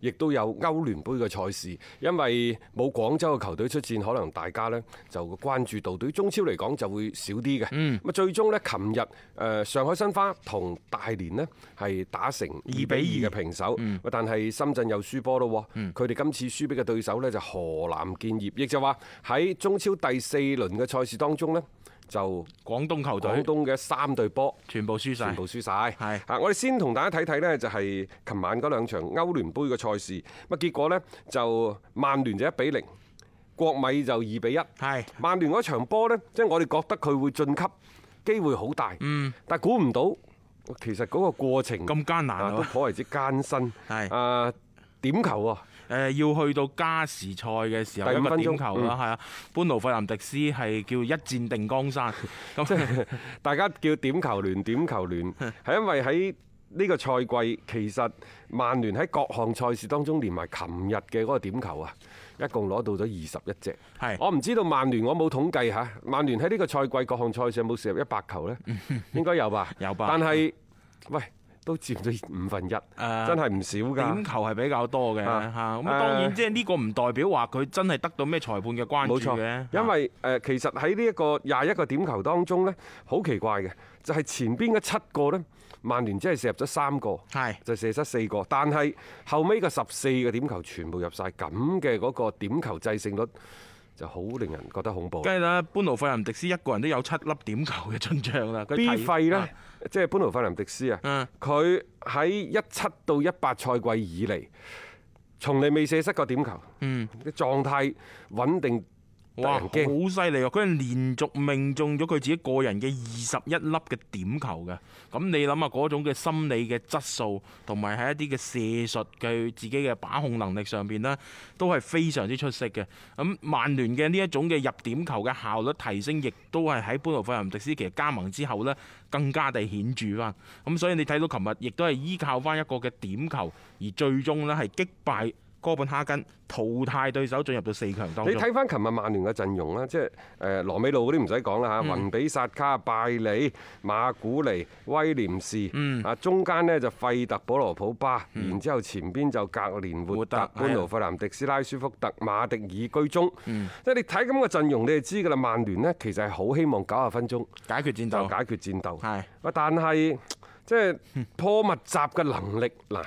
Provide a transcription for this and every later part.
亦都有歐聯杯嘅賽事，因為冇廣州嘅球隊出戰，可能大家呢就會關注到對中超嚟講就會少啲嘅。咁、嗯、最終呢，琴日誒上海申花同大連呢係打成二比二嘅平手，嗯、但係深圳又輸波咯。佢哋、嗯、今次輸俾嘅對手呢，就河南建業，亦就話喺中超第四輪嘅賽事當中呢。就廣東球隊，廣東嘅三隊波全部輸曬，全部輸曬。係啊，我哋先同大家睇睇呢，就係琴晚嗰兩場歐聯杯嘅賽事。咁結果呢？就曼聯就一比零，國米就二比一。係曼聯嗰場波呢，即係我哋覺得佢會晉級機會好大。嗯，但係估唔到，其實嗰個過程咁艱難，都頗為之艱辛。係啊，點球啊？誒，要去到加時賽嘅時候，咁嘅點球啦，係啊、嗯，班奴費林迪斯係叫一戰定江山。咁即係大家叫點球聯點球聯，係因為喺呢個賽季，其實曼聯喺各項賽事當中，連埋琴日嘅嗰個點球啊，一共攞到咗二十一隻。係是 我唔知道曼聯，我冇統計吓。曼聯喺呢個賽季各項賽事有冇射入一百球呢？應該有吧。有吧但是。但係，喂。都佔咗五分一，真係唔少㗎。點球係比較多嘅，咁啊當然即係呢個唔代表話佢真係得到咩裁判嘅關注嘅，因為誒其實喺呢一個廿一個點球當中呢，好奇怪嘅，就係前邊嘅七個呢，曼聯只係射入咗三個，係就射失四個，但係後尾嘅十四個點球全部入晒咁嘅嗰個點球制勝率，就好令人覺得恐怖。梗係啦，班奴費林迪斯一個人都有七粒點球嘅進帳啦。B 費咧，即係班奴費林迪斯啊，佢喺一七到一八賽季以嚟，從嚟未射失過點球。嗯，狀態穩定。哇！好犀利喎，佢係連續命中咗佢自己個人嘅二十一粒嘅點球嘅。咁你諗下嗰種嘅心理嘅質素，同埋喺一啲嘅射術佢自己嘅把控能力上邊咧，都係非常之出色嘅。咁曼聯嘅呢一種嘅入點球嘅效率提升，亦都係喺貝洛費林迪斯奇加盟之後呢更加地顯著啦。咁所以你睇到琴日亦都係依靠翻一個嘅點球，而最終呢係擊敗哥本哈根淘汰對手進入到四強當中。你睇翻琴日曼聯嘅陣容啦，即係誒羅美路嗰啲唔使講啦嚇，雲比薩卡、拜里、馬古尼、威廉士，啊中間呢就費特保羅普巴，然之後前邊就格連活特、般奴費南迪斯拉舒福特、馬迪爾居中。即係你睇咁嘅陣容，你就知㗎啦。曼聯呢，其實係好希望九十分鐘解決戰鬥、解決戰鬥。但係即係破密集嘅能力嗱，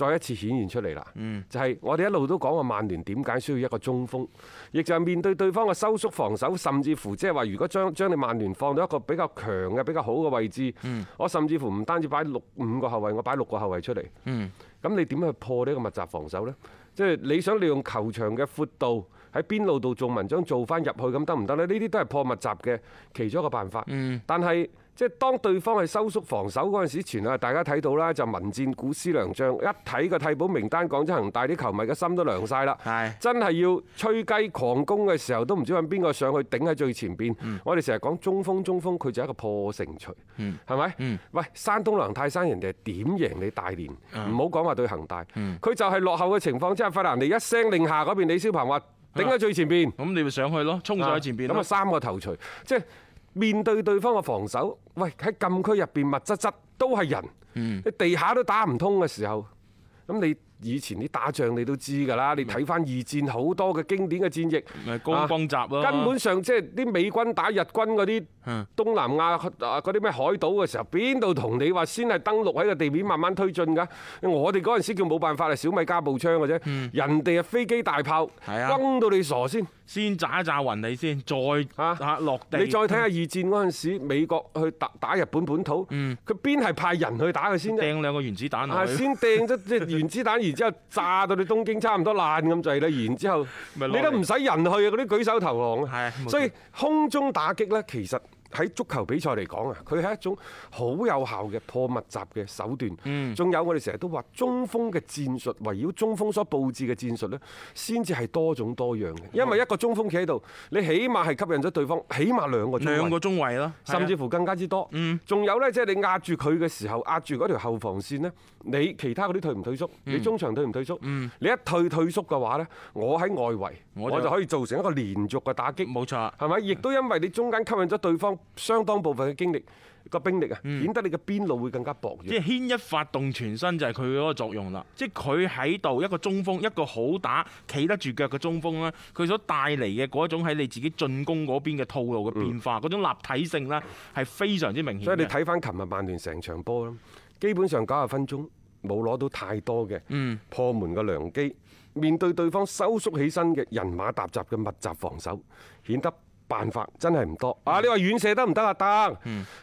再一次顯現出嚟啦，嗯、就係我哋一路都講過曼聯點解需要一個中鋒，亦就係面對對方嘅收縮防守，甚至乎即係話如果將將你曼聯放到一個比較強嘅比較好嘅位置，嗯、我甚至乎唔單止擺六五個後衞，我擺六個後衞出嚟，咁、嗯、你點去破呢個密集防守呢？即、就、係、是、你想利用球場嘅闊度。喺邊路度做文章，做翻入去咁得唔得咧？呢啲都係破密集嘅其中一個辦法。嗯、但係即係當對方係收縮防守嗰陣時，前啊大家睇到啦，就民戰古師良將一睇個替補名單，廣州恒大啲球迷嘅心都涼晒啦。是的 真係要吹雞狂攻嘅時候，都唔知揾邊個上去頂喺最前邊。嗯、我哋成日講中鋒，中鋒佢就係一個破城槌。嗯。係咪？喂，山東狼泰山人哋點贏你大連？唔好講話對恒大。佢、嗯、就係落後嘅情況之下，法然尼一聲令下嗰邊，李霄鵬話。頂喺最前邊，咁你咪上去咯，衝上前邊的，咁啊三個頭槌，即係面對對方嘅防守，喂喺禁區入邊密質質都係人，嗯，地下都打唔通嘅時候。咁你以前啲打仗你都知噶啦，你睇翻二戰好多嘅經典嘅戰役，咪高光集咯、啊。根本上即係啲美軍打日軍嗰啲東南亞嗰啲咩海島嘅時候，邊度同你話先係登陸喺個地面慢慢推進噶？我哋嗰陣時叫冇辦法啊，係小米加步槍嘅啫，嗯、人哋啊飛機大炮，崩到是、啊、你傻先。先炸一炸雲你先，再啊落地。你再睇下二戰嗰陣時，美國去打打日本本土，佢邊係派人去打佢先，掟兩個原子彈、啊。先掟咗即原子彈， 然之後炸到你東京差唔多爛咁滯啦，然之後來你都唔使人去啊，嗰啲舉手投降啊。的所以空中打擊呢，其實。喺足球比賽嚟講啊，佢係一種好有效嘅破密集嘅手段。嗯，仲有我哋成日都話中鋒嘅戰術，圍繞中鋒所佈置嘅戰術呢，先至係多種多樣嘅。因為一個中鋒企喺度，你起碼係吸引咗對方，起碼兩個中兩個中位啦，甚至乎更加之多。嗯，仲有呢，即係你壓住佢嘅時候，壓住嗰條後防線呢，你其他嗰啲退唔退縮？嗯、你中場退唔退縮？嗯、你一退退縮嘅話呢，我喺外圍，我就，我就可以造成一個連續嘅打擊。冇錯，係咪？亦都因為你中間吸引咗對方。相當部分嘅精力，個兵力啊，顯得你嘅邊路會更加薄弱。嗯。即係牽一發動全身就係佢嗰個作用啦。即係佢喺度一個中鋒，一個好打企得住腳嘅中鋒咧，佢所帶嚟嘅嗰種喺你自己進攻嗰邊嘅套路嘅變化，嗰、嗯、種立體性呢，係非常之明顯。所以你睇翻琴日曼聯成場波啦，基本上九十分鐘冇攞到太多嘅破門嘅良機，面對對方收縮起身嘅人馬沓雜嘅密集防守，顯得，辦法真係唔多啊！你話遠射得唔得啊？得，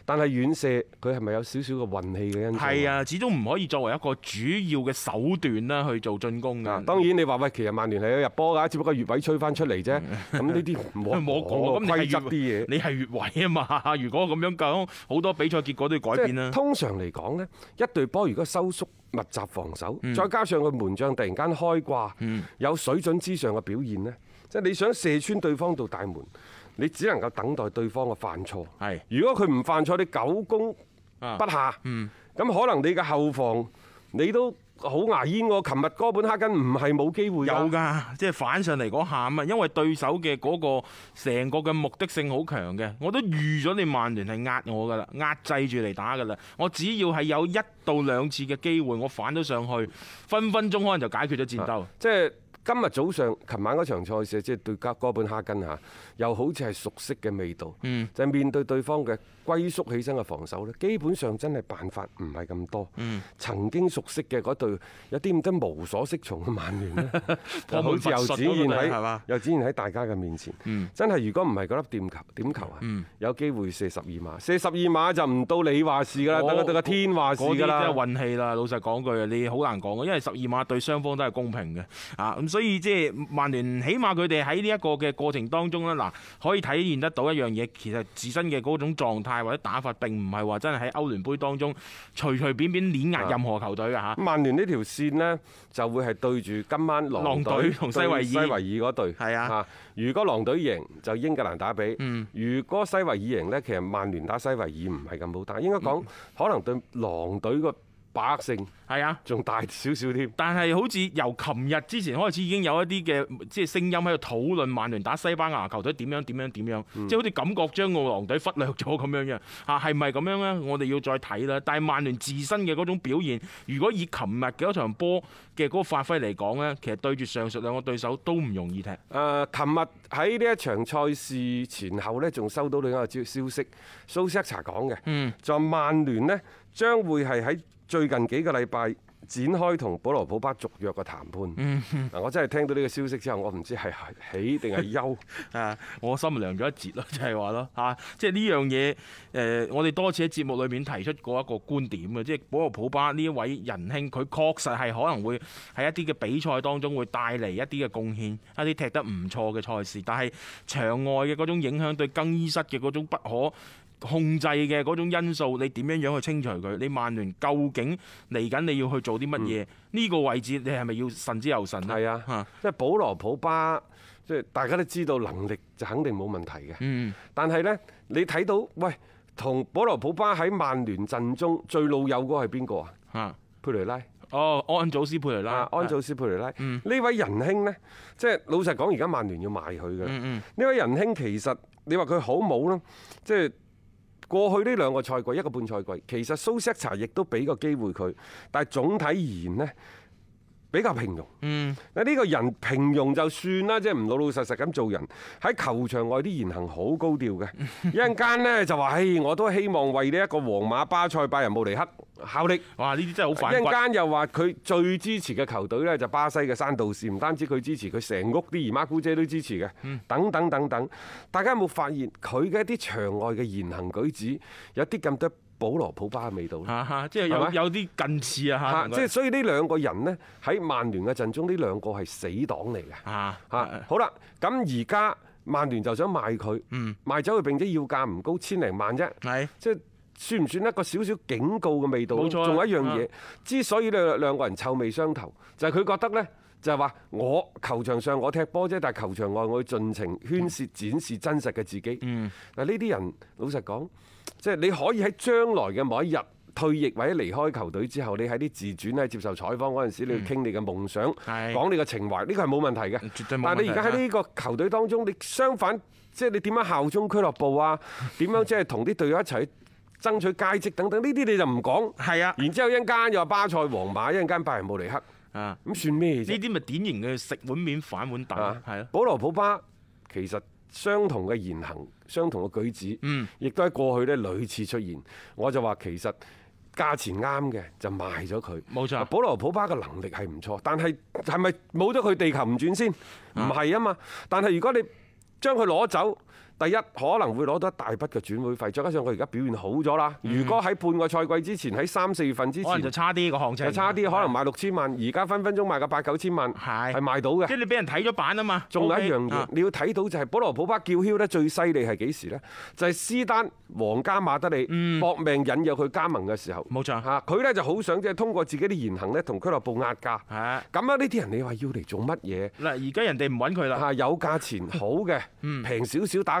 但係遠射佢係咪有少少嘅運氣嘅因素？係啊，始終唔可以作為一個主要嘅手段啦，去做進攻㗎。當然你話喂，其實曼聯係有入波㗎，只不過越位吹翻出嚟啫。咁呢啲冇冇講規則啲嘢？你係越位啊嘛！如果咁樣講，好多比賽結果都要改變啦。通常嚟講咧，一隊波如果收縮密集防守，再加上個門將突然間開掛，有水準之上嘅表現咧，即係你想射穿對方到大門。你只能夠等待對方嘅犯錯是。係，如果佢唔犯錯，你久攻不下，咁、啊嗯、可能你嘅後防你都好牙煙喎、哦。琴日哥本哈根唔係冇機會有㗎，即係反上嚟嗰下嘛。因為對手嘅嗰、那個成個嘅目的性好強嘅，我都預咗你曼聯係壓我㗎啦，壓制住嚟打㗎啦。我只要係有一到兩次嘅機會，我反咗上去，分分鐘可能就解決咗戰鬥、啊。即係。今日早上、琴晚嗰場賽事，即係對格哥本哈根吓，又好似係熟悉嘅味道。嗯、就係面對對方嘅龜縮起身嘅防守咧，基本上真係辦法唔係咁多。嗯、曾經熟悉嘅嗰隊，有啲咁多無所適從嘅曼聯好似又展現喺，對又展現喺大家嘅面前。真係、嗯、如果唔係嗰粒點球，點球啊？有機會射十二碼，射十二碼就唔到你話事噶啦，等等個天話事噶啦。嗰啲都係運氣啦。老實講句，你好難講，因為十二碼對雙方都係公平嘅。啊，咁所以即係曼聯，起碼佢哋喺呢一個嘅過程當中咧，嗱，可以體現得到一樣嘢，其實自身嘅嗰種狀態或者打法並唔係話真係喺歐聯杯當中隨隨便便碾壓任何球隊嘅嚇。曼聯呢條線咧，就會係對住今晚狼隊同西維爾西維爾嗰隊。係啊，如果狼隊贏就英格蘭打比。嗯。如果西維爾贏咧，其實曼聯打西維爾唔係咁好打，應該講可能對狼隊個把握性係啊，仲大少少添。但係好似由琴日之前開始，已經有一啲嘅即係聲音喺度討論曼聯打西班牙球隊點樣點樣點樣，即係好似感覺將奧蘭隊忽略咗咁樣樣。嚇係咪咁樣咧？我哋要再睇啦。但係曼聯自身嘅嗰種表現，如果以琴日嘅嗰場波嘅嗰個發揮嚟講咧，其實對住上述兩個對手都唔容易踢、呃。誒，琴日喺呢一場賽事前後咧，仲收到另一個消消息，蘇斯克查講嘅，就、嗯、曼聯呢，將會係喺。最近幾個禮拜展開同保羅普巴續約嘅談判，嗱，我真係聽到呢個消息之後，我唔知係喜定係憂啊！ 我心涼咗一截咯，就係話咯，啊，即係呢樣嘢，誒、呃，我哋多次喺節目裏面提出過一個觀點嘅，即係保羅普巴呢一位仁兄，佢確實係可能會喺一啲嘅比賽當中會帶嚟一啲嘅貢獻，一啲踢得唔錯嘅賽事，但係場外嘅嗰種影響對更衣室嘅嗰種不可。控制嘅嗰種因素，你點樣樣去清除佢？你曼聯究竟嚟緊你要去做啲乜嘢？呢、嗯、個位置你係咪要慎之又慎？係啊，即係保羅普巴，即係大家都知道能力就肯定冇問題嘅。嗯，但係呢，你睇到喂，同保羅普巴喺曼聯陣中最老友嗰個係邊個啊？嗯嗯，佩雷拉。哦，安祖斯佩雷拉，啊，安祖斯佩雷拉。呢係、嗯嗯、位仁兄呢，即係老實講，而家曼聯要賣佢嘅。呢位仁兄其實你話佢好冇咯，即係。過去呢兩個賽季，一個半賽季，其實蘇斯查亦都俾個機會佢，但係總體而言呢。比較平庸。嗯，嗱呢個人平庸就算啦，即係唔老老實實咁做人，喺球場外啲言行好高調嘅。一陣間呢就話，唉，我都希望為呢一個皇馬、巴塞、拜仁慕尼黑效力。哇！呢啲真係好反骨。一陣間又話佢最支持嘅球隊呢就巴西嘅山度士，唔單止佢支持，佢成屋啲姨媽姑姐都支持嘅。等等等等，大家有冇發現佢嘅一啲場外嘅言行舉止有啲咁多？保羅普巴嘅味道，即係有有啲近似啊！即係所以呢兩個人呢，喺曼聯嘅陣中，呢兩個係死黨嚟嘅。嚇、啊啊、好啦，咁而家曼聯就想賣佢，嗯，賣走佢並且要價唔高千零萬啫，係，是 即係算唔算一個少少警告嘅味道？冇錯，仲有一樣嘢，啊啊、之所以呢兩個人臭味相投，就係、是、佢覺得呢。就係話我球場上我踢波啫，但係球場外我會盡情宣泄、展示真實嘅自己。嗱，呢啲人老實講，即係你可以喺將來嘅某一日退役或者離開球隊之後，你喺啲自傳咧接受採訪嗰陣時，你要傾你嘅夢想，講，嗯，你嘅情懷，呢個係冇問題嘅。絕對冇問題。但係你而家喺呢個球隊當中，你相反即係你點樣效忠俱樂部啊？點樣即係同啲隊友一齊爭取佳績等等，呢啲你就唔講。係啊。然之後一陣間又話巴塞、皇馬，一陣間拜仁慕尼黑。啊！咁算咩？呢啲咪典型嘅食碗面反碗打？係咯。保羅普巴其實相同嘅言行，相同嘅舉止，嗯、亦都喺過去呢，屢次出現。我就話，其實價錢啱嘅就賣咗佢。冇錯。保羅普巴嘅能力係唔錯，但係係咪冇咗佢地球唔轉先？唔係啊嘛。嗯、但係如果你將佢攞走，第一可能會攞到一大筆嘅轉會費，再加上佢而家表現好咗啦。如果喺半個賽季之前，喺三四月份之前，可能就差啲個行情，就差啲可能賣六千萬，而家分分鐘賣個八九千萬，係係賣到嘅。即係你俾人睇咗版啊嘛！仲有一樣嘢，OK，你要睇到就係、是、是保羅普巴叫囂得最犀利係幾時呢？就係、是、斯丹皇家馬德里搏命引誘佢加盟嘅時候。冇、嗯、錯嚇，佢呢就好想即係通過自己啲言行呢，同俱樂部壓價。係咁啊！呢啲人你話要嚟做乜嘢？嗱，而家人哋唔揾佢啦。有價錢好嘅，平少少打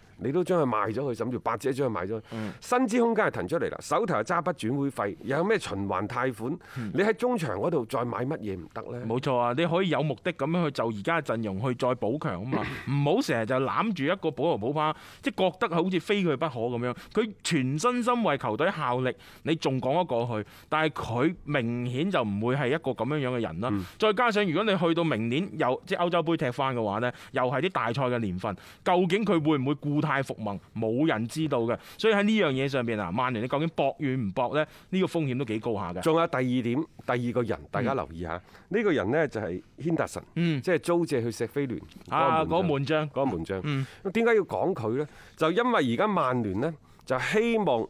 你都將佢賣咗去，甚至八幾將佢賣咗去，薪、嗯、資空間係騰出嚟啦，手頭又揸筆轉會費，又有咩循環貸款？你喺中場嗰度再買乜嘢唔得呢？冇錯啊，你可以有目的咁樣去就而家嘅陣容去再補強啊嘛，唔好成日就攬住一個保羅普巴，即係覺得好似非佢不可咁樣。佢全身心為球隊效力，你仲講得過去？但係佢明顯就唔會係一個咁樣樣嘅人啦。嗯、再加上如果你去到明年又即係歐洲杯踢翻嘅話呢，又係啲大賽嘅年份，究竟佢會唔會固態？大復萌冇人知道嘅，所以喺呢樣嘢上邊啊，曼聯你究竟博與唔博咧？呢、這個風險都幾高下嘅。仲有第二點，第二個人，嗯、大家留意下呢、這個人咧就係軒達臣，即係租借去錫菲聯嗰個門將，啊嗰個門將。咁點解要講佢咧？就因為而家曼聯呢，就希望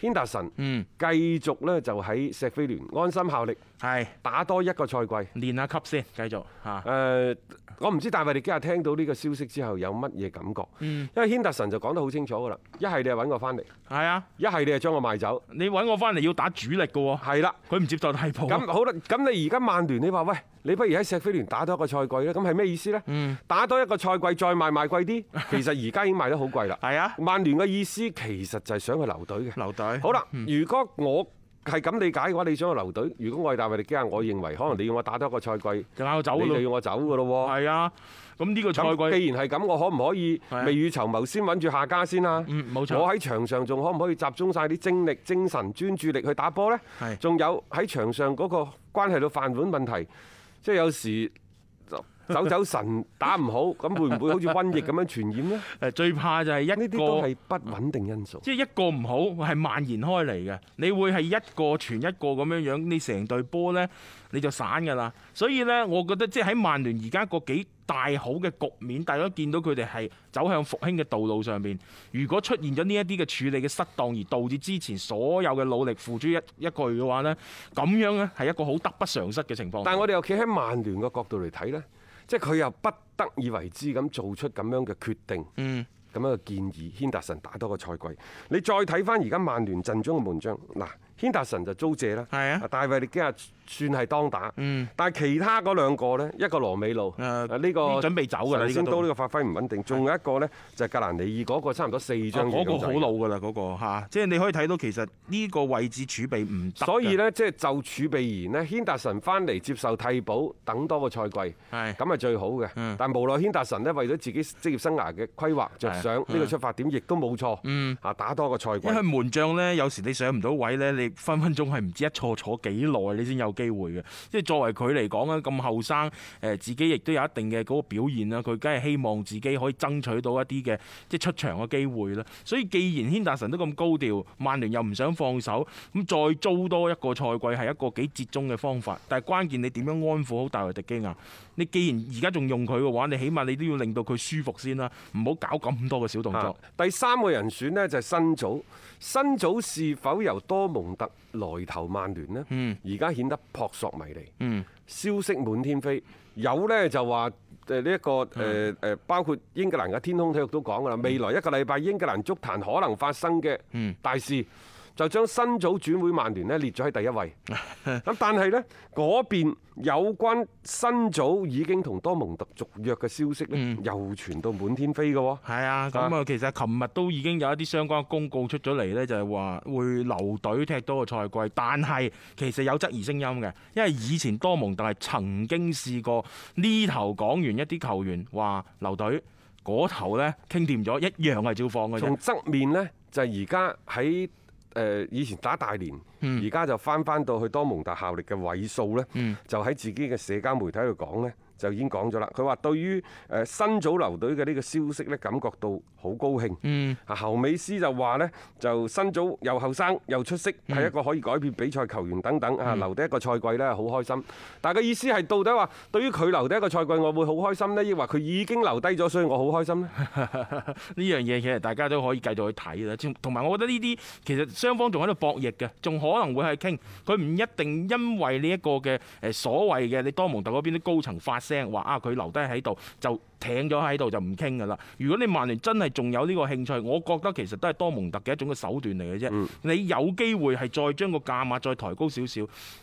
軒達臣繼續咧就喺錫菲聯安心效力，係、嗯、打多一個賽季，練下級先，繼續吓。嗯我唔知大衞你今日聽到呢個消息之後有乜嘢感覺？嗯、因為軒達臣就講得好清楚噶啦，一係你就揾我翻嚟，係啊，一係你就將我賣走。你揾我翻嚟要打主力噶喎，係啦是的，佢唔接受替補。咁好啦，咁你而家曼聯你話喂，你不如喺石飛聯打多一個賽季咧？咁係咩意思呢？嗯、打多一個賽季再賣賣貴啲，其實而家已經賣得好貴啦。係啊，曼聯嘅意思其實就係想佢留隊嘅。留隊。好啦，如果我係咁理解嘅話，你想留隊？如果我係大衞力基啊，我認為可能你要我多打一個賽季，我走你就要我走嘅咯喎。係啊，咁呢個賽季既然係咁，我可唔可以未雨綢繆先揾住下家先啊？冇沒錯。我喺場上仲可唔可以集中晒啲精力、精神、專注力去打波呢？仲是的 有喺場上嗰個關係到飯碗問題，即係有時。走走神打唔好，咁會唔會好似瘟疫咁樣傳染呢？誒， 最怕就係一個呢啲都係不穩定因素。即係、嗯就是、一個唔好，係蔓延開嚟嘅。你會係一個傳一個咁樣樣，你成隊波呢，你就散噶啦。所以呢，我覺得即係喺曼聯而家個幾大好嘅局面，大家見到佢哋係走向復興嘅道路上面。如果出現咗呢一啲嘅處理嘅失當，而導致之前所有嘅努力付諸一一，炬一個嘅話呢，咁樣呢係一個好得不償失嘅情況。但係我哋又企喺曼聯嘅角度嚟睇呢。即係佢又不得已為之咁做出咁樣嘅決定，咁、嗯、樣嘅建議，軒達臣打多個賽季。你再睇翻而家曼聯陣中嘅門將，嗱。軒達臣就租借啦，大衛列基亞算係當打，但係其他嗰兩個咧，一個羅美路，呢、啊這個準備走嘅，但係升呢個發揮唔穩定，仲是的 有一個呢，就是、格蘭尼爾、那個，嗰個差唔多四張嘢、啊，嗰、那個好老㗎啦，嗰、那個、啊、即係你可以睇到其實呢個位置儲備唔，所以呢，即、就、係、是、就儲備而言咧，軒達臣翻嚟接受替補等多個賽季，咁係是的 最好嘅。是的 但係無奈軒達臣呢，為咗自己職業生涯嘅規劃著想，呢個出發點亦都冇錯，嚇打多個賽季，是的 因為門將呢，有時你上唔到位呢。分分鐘係唔知一坐坐幾耐，你先有機會嘅。即係作為佢嚟講咧，咁後生，誒，自己亦都有一定嘅嗰個表現啦。佢梗係希望自己可以爭取到一啲嘅即係出場嘅機會啦。所以既然軒達臣都咁高調，曼聯又唔想放手，咁再租多一個賽季係一個幾折中嘅方法。但係關鍵你點樣安撫好大衛迪基亞？你既然而家仲用佢嘅話，你起碼你都要令到佢舒服先啦，唔好搞咁多嘅小動作。第三個人選呢，就係辛祖，辛祖是否由多蒙？得來頭，曼聯咧，而家顯得撲朔迷離。消息滿天飛，有呢就話誒呢一個誒誒，包括英格蘭嘅天空體育都講㗎啦。未來一個禮拜，英格蘭足壇可能發生嘅大事。就將桑喬轉會，曼聯呢列咗喺第一位。咁但係呢，嗰邊有關桑喬已經同多蒙特續約嘅消息呢，又傳到滿天飛嘅喎。係啊，咁啊，其實琴日都已經有一啲相關嘅公告出咗嚟呢，就係話會留隊踢多個賽季，但係其實有質疑聲音嘅，因為以前多蒙特係曾經試過呢頭講完一啲球員話留隊，嗰頭呢傾掂咗一樣係照放嘅。從側面呢，就而家喺。誒以前打大連，而家就返返到去多蒙特效力嘅位數咧，就喺自己嘅社交媒體度講咧。就已經講咗啦。佢話對於誒辛祖留隊嘅呢個消息咧，感覺到好高興。嗯，啊侯美斯就話咧，就辛祖又後生又出色，係一個可以改變比賽球員等等啊，留低一個賽季咧好開心。但係個意思係到底話，對於佢留低一個賽季，我會好開心咧，亦或佢已經留低咗，所以我好開心咧？呢樣嘢其實大家都可以繼續去睇啦。同同埋，我覺得呢啲其實雙方仲喺度博弈嘅，仲可能會係傾。佢唔一定因為呢一個嘅誒所謂嘅你多蒙特嗰邊啲高層發。聲話啊，佢留低喺度就停咗喺度就唔傾噶啦。如果你曼聯真係仲有呢個興趣，我覺得其實都係多蒙特嘅一種嘅手段嚟嘅啫。嗯、你有機會係再將個價碼再抬高少少，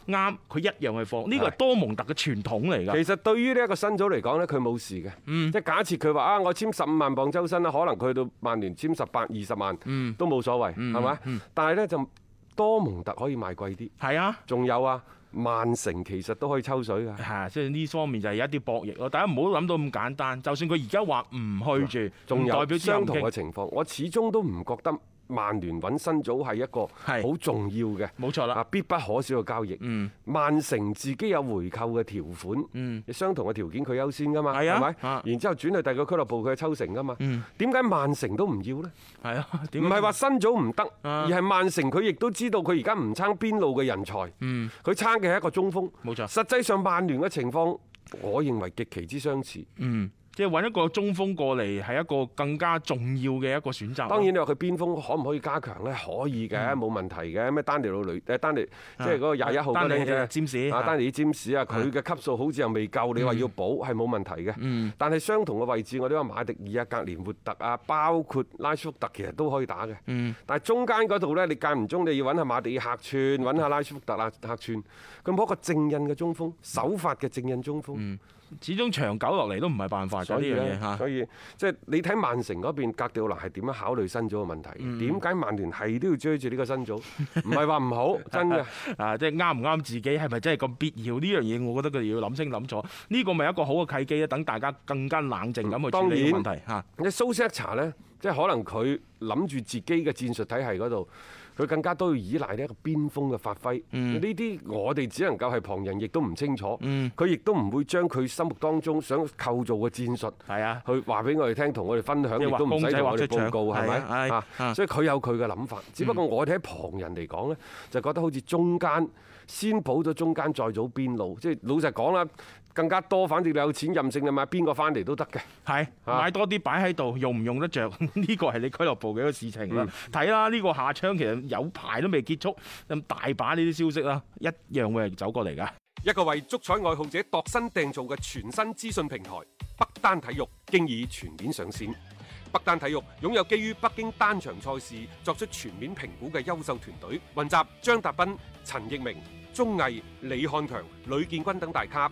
啱佢一樣去放。呢個係多蒙特嘅傳統嚟㗎。其實對於呢一個新組嚟講呢，佢冇事嘅。即係、嗯、假設佢話啊，我簽十五萬磅周薪啦，可能佢去到曼聯簽十八二十萬、嗯、都冇所謂，係咪？但係呢，就多蒙特可以賣貴啲。係啊，仲有啊。曼城其實都可以抽水㗎，係即係呢方面就係有一啲博弈咯。大家唔好諗到咁簡單，就算佢而家話唔去住，仲有代表相同嘅情況，我始終都唔覺得。曼聯揾辛祖係一個好重要嘅，冇錯啦，必不可少嘅交易。曼城自己有回購嘅條款，相同嘅條件佢優先㗎嘛，係咪？然之後轉去第二個俱樂部佢抽成㗎嘛。點解曼城都唔要呢？係啊，唔係話辛祖唔得，而係曼城佢亦都知道佢而家唔爭邊路嘅人才，佢爭嘅係一個中鋒。冇錯，實際上曼聯嘅情況，我認為極其之相似。即係揾一個中鋒過嚟係一個更加重要嘅一個選擇。當然你話佢邊鋒可唔可以加強咧？可以嘅，冇、嗯、問題嘅。咩丹尼魯女丹尼，即係嗰、那個廿一號丹嘅詹士啊，丹尼嘅詹士啊，佢嘅、啊、級數好似又未夠，你話要補係冇、嗯、問題嘅。但係相同嘅位置，我哋話馬迪爾啊、格連活特啊，包括拉舒福特其實都可以打嘅。嗯、但係中間嗰度咧，你間唔中你要揾下馬迪爾客串，揾下拉舒福特啊客串。咁冇一個正印嘅中鋒，手法嘅正印中鋒。始終長久落嚟都唔係辦法，所以咧，所以，、啊、所以即係你睇曼城嗰邊哥迪奧拿係點樣考慮辛祖嘅問題嘅？點解、嗯嗯嗯、曼聯係都要追住呢個辛祖？唔係話唔好，真嘅啊！ 即係啱唔啱自己，係咪真係咁必要呢樣嘢？我覺得佢哋要諗清諗楚，呢個咪一個好嘅契機咧。等大家更加冷靜咁去處理個問題嚇。你蘇斯克查咧，即係、啊、可能佢諗住自己嘅戰術體系嗰度。佢更加都要依賴呢一個邊鋒嘅發揮，呢啲、嗯、我哋只能夠係旁人，亦都唔清楚。佢、嗯、亦都唔會將佢心目當中想構造嘅戰術，係啊，去話俾我哋聽，同我哋分享，亦都唔使我哋報告，係咪啊？嗯、所以佢有佢嘅諗法，只不過我哋喺旁人嚟講呢就覺得好似中間先補咗中間，中間再做邊路。即係老實講啦。更加多，反正你有錢任性啦，買邊個翻嚟都得嘅。係買多啲擺喺度，用唔用得着呢個係你俱樂部嘅一個事情啦。睇啦、嗯，呢、呢個下槍其實有排都未結束，咁大把呢啲消息啦，一樣會係走過嚟噶。一個為足彩愛好者度身訂做嘅全新資訊平台北單體育，經已全面上線。北單體育擁有基於北京單場賽事作出全面評估嘅優秀團隊，雲集張達斌、陳奕明、鐘毅、李漢強、呂建軍等大咖。